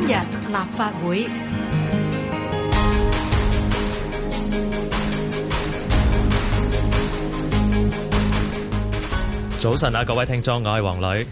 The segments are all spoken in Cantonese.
今日立法會，早晨啊，各位聽眾，我係黃磊。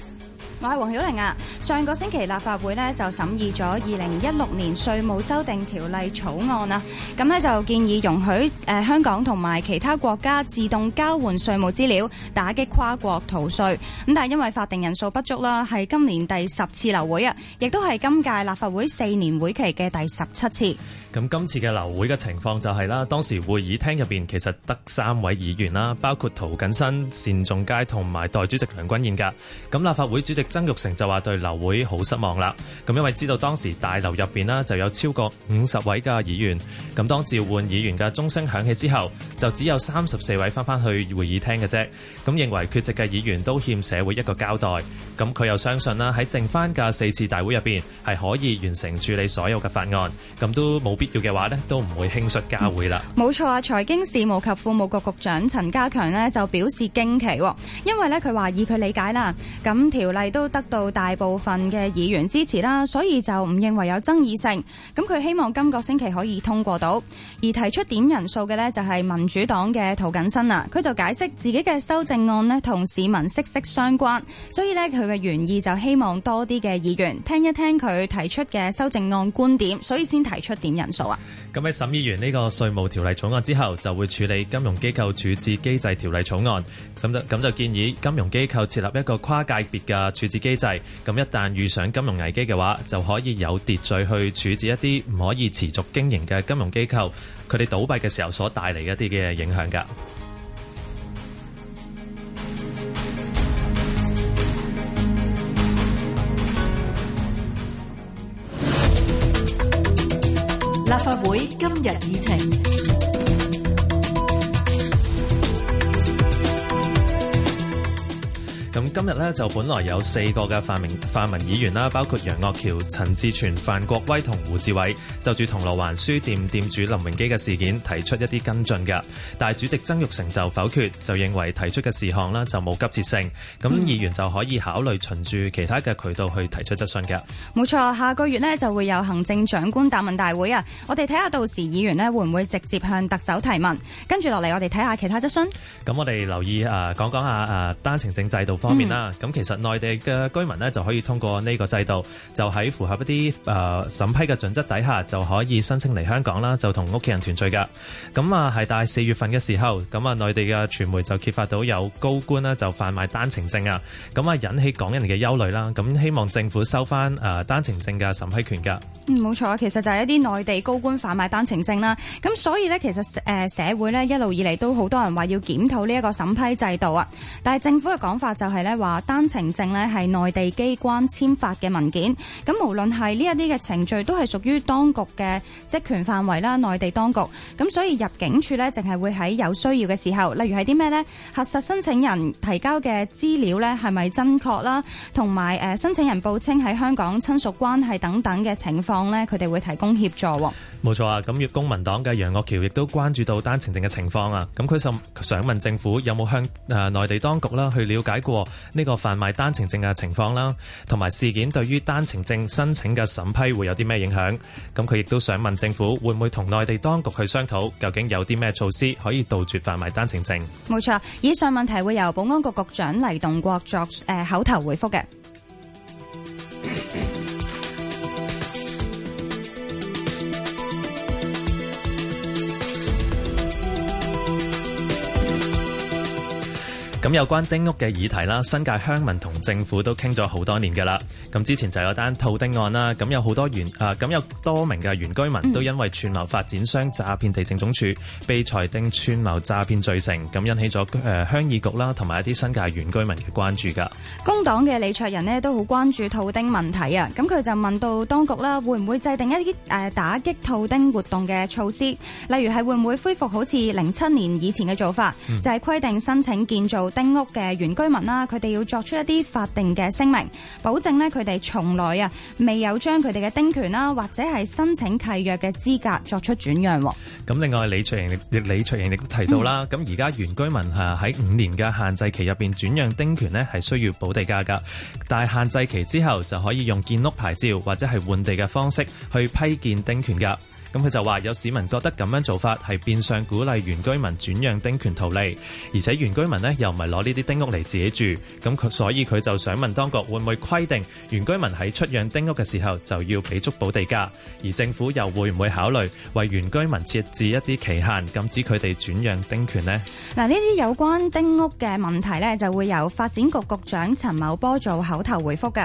我係黃曉玲啊，上個星期立法會呢就審議咗二零一六年稅務修訂條例草案啊，咁呢就建議容許誒香港同埋其他國家自動交換稅務資料，打擊跨國逃稅。咁但係因為法定人數不足啦，係今年第十次流會啊，亦都係今屆立法會四年會期嘅第十七次。咁今次嘅流會嘅情況就係啦，當時會議廳入邊其實得三位議員啦，包括涂謹申、單仲偕同埋代主席梁君彥噶。咁立法會主席曾鈺成就話對流會好失望啦。咁因為知道當時大樓入邊啦就有超過五十位嘅議員，咁當召喚議員嘅鐘聲響起之後，就只有三十四位翻返去會議廳嘅啫。咁認為缺席嘅議員都欠社會一個交代。咁佢又相信啦喺剩翻嘅四次大會入邊係可以完成處理所有嘅法案。咁都冇。必要嘅話咧，都唔會輕率交會啦。冇錯啊！財經事務及庫務局局長陳家強咧就表示驚奇，因為咧佢話以佢理解啦，咁條例都得到大部分嘅議員支持啦，所以就唔認為有爭議性。咁佢希望今個星期可以通過到，而提出點人數嘅咧就係民主黨嘅涂謹申啊。佢就解釋自己嘅修正案咧同市民息息相關，所以咧佢嘅原意就希望多啲嘅議員聽一聽佢提出嘅修正案觀點，所以先提出點人。啊！咁喺審議完呢個稅務條例草案之後，就會處理金融機構處置機制條例草案。咁就咁就建議金融機構設立一個跨界別嘅處置機制。咁一旦遇上金融危機嘅話，就可以有秩序去處置一啲唔可以持續經營嘅金融機構，佢哋倒閉嘅時候所帶嚟一啲嘅影響噶。立法會今日議程。咁今日咧就本來有四個嘅泛民泛民議員啦，包括楊岳橋、陳志全、范國威同胡志偉，就住銅鑼灣書店店主林榮基嘅事件提出一啲跟進嘅。但係主席曾玉成就否決，就認為提出嘅事項啦就冇急切性，咁議員就可以考慮循住其他嘅渠道去提出質詢嘅。冇錯，下個月呢就會有行政長官答問大會啊！我哋睇下到時議員呢會唔會直接向特首提問？跟住落嚟，我哋睇下其他質詢。咁我哋留意啊講講下、啊、單程證制度方。嗯、方面啦，咁其實內地嘅居民呢，就可以通過呢個制度，就喺符合一啲誒審批嘅準則底下，就可以申請嚟香港啦，就同屋企人團聚噶。咁啊，係但係四月份嘅時候，咁啊內地嘅傳媒就揭發到有高官呢就販賣單程證啊，咁啊引起港人嘅憂慮啦。咁希望政府收翻誒單程證嘅審批權噶。嗯，冇錯啊，其實就係一啲內地高官販賣單程證啦。咁所以呢，其實誒社會呢，一路以嚟都好多人話要檢討呢一個審批制度啊。但係政府嘅講法就係、是。係咧，話單程證呢係內地機關簽發嘅文件，咁無論係呢一啲嘅程序都係屬於當局嘅職權範圍啦，內地當局，咁所以入境處呢淨係會喺有需要嘅時候，例如係啲咩呢？核實申請人提交嘅資料呢係咪真確啦，同埋誒申請人報稱喺香港親屬關係等等嘅情況呢，佢哋會提供協助。冇錯啊！咁粵公民黨嘅楊岳橋亦都關注到單程證嘅情況啊！咁佢就想問政府有冇向誒內地當局啦去了解過呢個販賣單程證嘅情況啦，同埋事件對於單程證申請嘅審批會有啲咩影響？咁佢亦都想問政府會唔會同內地當局去商討，究竟有啲咩措施可以杜絕販賣單程證？冇錯，以上問題會由保安局局長黎棟國作誒口頭回覆嘅。咁有關丁屋嘅議題啦，新界鄉民同政府都傾咗好多年㗎喇。咁之前就有單套丁案啦，咁有好多原啊，咁、呃、有多名嘅原居民都因為串謀發展商詐騙地政總署，被裁定串謀詐騙罪成，咁引起咗誒、呃、鄉議局啦，同埋一啲新界原居民嘅關注噶。工黨嘅李卓人呢都好關注套丁問題啊，咁佢就問到當局啦，會唔會制定一啲打擊套丁活動嘅措施？例如係會唔會恢復好似零七年以前嘅做法，就係、是、規定申請建造丁屋嘅原居民啦，佢哋要作出一啲法定嘅聲明，保證呢。佢。佢哋從來啊未有將佢哋嘅丁權啦，或者係申請契約嘅資格作出轉讓。咁另外李卓盈亦李卓盈亦都提到啦，咁而家原居民吓喺五年嘅限制期入邊轉讓丁權呢，係需要補地價噶，但係限制期之後就可以用建屋牌照或者係換地嘅方式去批建丁權噶。咁佢就話有市民覺得咁樣做法係變相鼓勵原居民轉讓丁權圖利，而且原居民又唔係攞呢啲丁屋嚟自己住，咁佢所以佢就想問當局會唔會規定原居民喺出讓丁屋嘅時候就要俾足補地價，而政府又會唔會考慮為原居民設置一啲期限禁止佢哋轉讓丁權呢？嗱，呢啲有關丁屋嘅問題呢，就會由發展局局長陳茂波做口頭回覆㗎。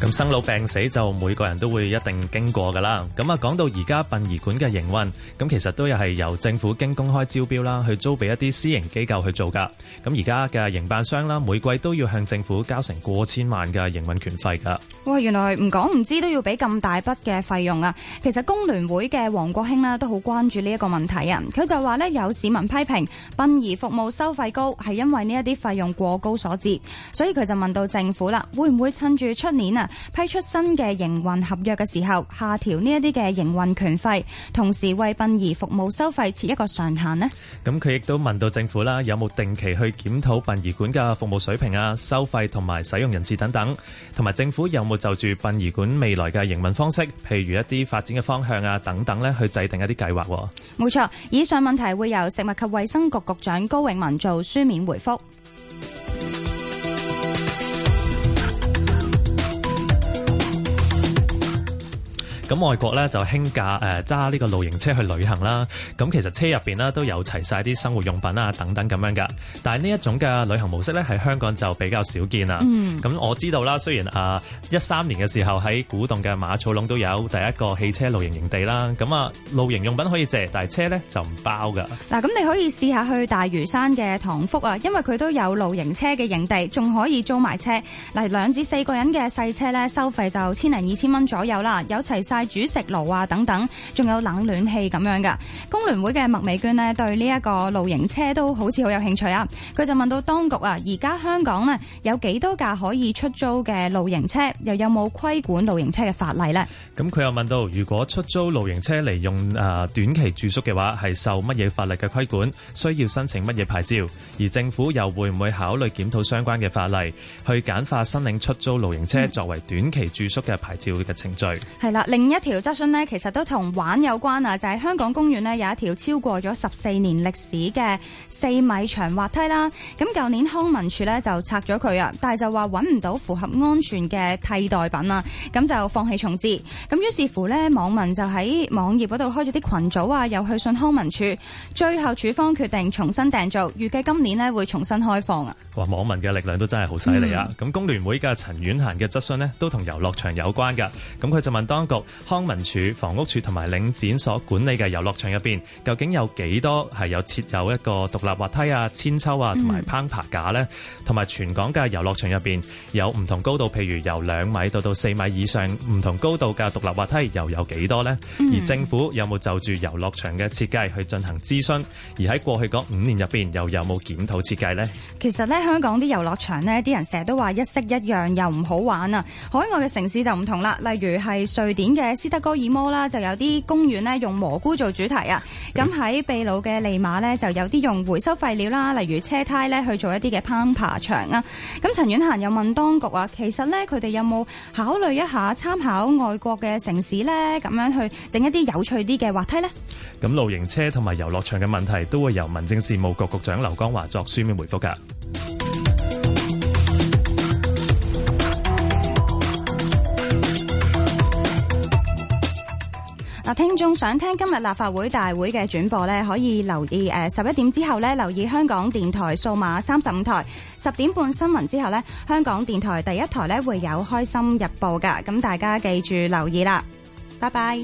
咁生老病死就每個人都會一定經過噶啦。咁啊，講到而家殯儀館嘅營運，咁其實都又係由政府經公開招標啦，去租俾一啲私營機構去做噶。咁而家嘅營辦商啦，每季都要向政府交成過千萬嘅營運權費噶。哇！原來唔講唔知都要俾咁大筆嘅費用啊。其實工聯會嘅王國興咧都好關注呢一個問題啊。佢就話呢，有市民批評殯儀服務收費高，係因為呢一啲費用過高所致，所以佢就問到政府啦，會唔會趁住出年啊，批出新嘅營運合約嘅時候，下調呢一啲嘅營運權費，同時為殯儀服務收費設一個上限呢？咁佢亦都問到政府啦，有冇定期去檢討殯儀館嘅服務水平啊、收費同埋使用人次等等，同埋政府有冇就住殯儀館未來嘅營運方式，譬如一啲發展嘅方向啊等等咧，去制定一啲計劃？冇錯，以上問題會由食物及衛生局局長高永文做書面回覆。咁外國咧就興架誒揸呢個露營車去旅行啦，咁其實車入邊呢都有齊曬啲生活用品啊等等咁樣噶，但係呢一種嘅旅行模式咧，喺香港就比較少見啦。咁、嗯、我知道啦，雖然啊一三年嘅時候喺古洞嘅馬草籠都有第一個汽車露營營地啦，咁啊露營用品可以借，但係車咧就唔包㗎。嗱，咁你可以試下去大嶼山嘅塘福啊，因為佢都有露營車嘅營地，仲可以租埋車。嗱，兩至四個人嘅細車咧，收費就千零二千蚊左右啦，有齊大煮食爐啊，等等，仲有冷暖氣咁樣噶。工聯會嘅麥美娟呢，對呢一個露營車都好似好有興趣啊。佢就問到當局啊，而家香港呢，有幾多架可以出租嘅露營車，又有冇規管露營車嘅法例呢？咁佢又問到，如果出租露營車嚟用誒短期住宿嘅話，係受乜嘢法律嘅規管？需要申請乜嘢牌照？而政府又會唔會考慮檢討相關嘅法例，去簡化申領出租露營車、嗯、作為短期住宿嘅牌照嘅程序？係啦，另。另一條質詢呢，其實都同玩有關啊，就係、是、香港公園呢，有一條超過咗十四年歷史嘅四米長滑梯啦。咁舊年康文署呢，就拆咗佢啊，但係就話揾唔到符合安全嘅替代品啊，咁就放棄重置。咁於是乎呢，網民就喺網頁嗰度開咗啲群組啊，又去信康文署。最後署方決定重新訂造，預計今年呢會重新開放啊。哇！網民嘅力量都真係好犀利啊。咁、嗯、工聯會嘅陳婉嫻嘅質詢呢，都同遊樂場有關㗎。咁佢就問當局。康文署、房屋署同埋領展所管理嘅遊樂場入邊究竟有幾多係有設有一個獨立滑梯啊、韆鞦啊同埋攀爬架咧？同埋、嗯、全港嘅遊樂場入邊有唔同高度，譬如由兩米到到四米以上，唔同高度嘅獨立滑梯又有幾多咧？嗯、而政府有冇就住遊樂場嘅設計去進行諮詢，而喺過去嗰五年入邊又有冇檢討設計咧？其實咧，香港啲遊樂場咧，啲人成日都話一式一樣又唔好玩啊！海外嘅城市就唔同啦，例如係瑞典嘅。誒，斯德哥爾摩啦，就有啲公園咧，用蘑菇做主題啊。咁喺秘魯嘅利馬咧，就有啲用回收廢料啦，例如車胎咧，去做一啲嘅攀爬牆啊。咁陳婉嫻又問當局啊，其實咧，佢哋有冇考慮一下參考外國嘅城市咧，咁樣去整一啲有趣啲嘅滑梯咧？咁露營車同埋遊樂場嘅問題都會由民政事務局局，局長劉江華作書面回復噶。嗱，聽眾想聽今日立法會大會嘅轉播咧，可以留意誒十一點之後咧，留意香港電台數碼三十五台十點半新聞之後咧，香港電台第一台咧會有《開心日報》㗎，咁大家記住留意啦，拜拜。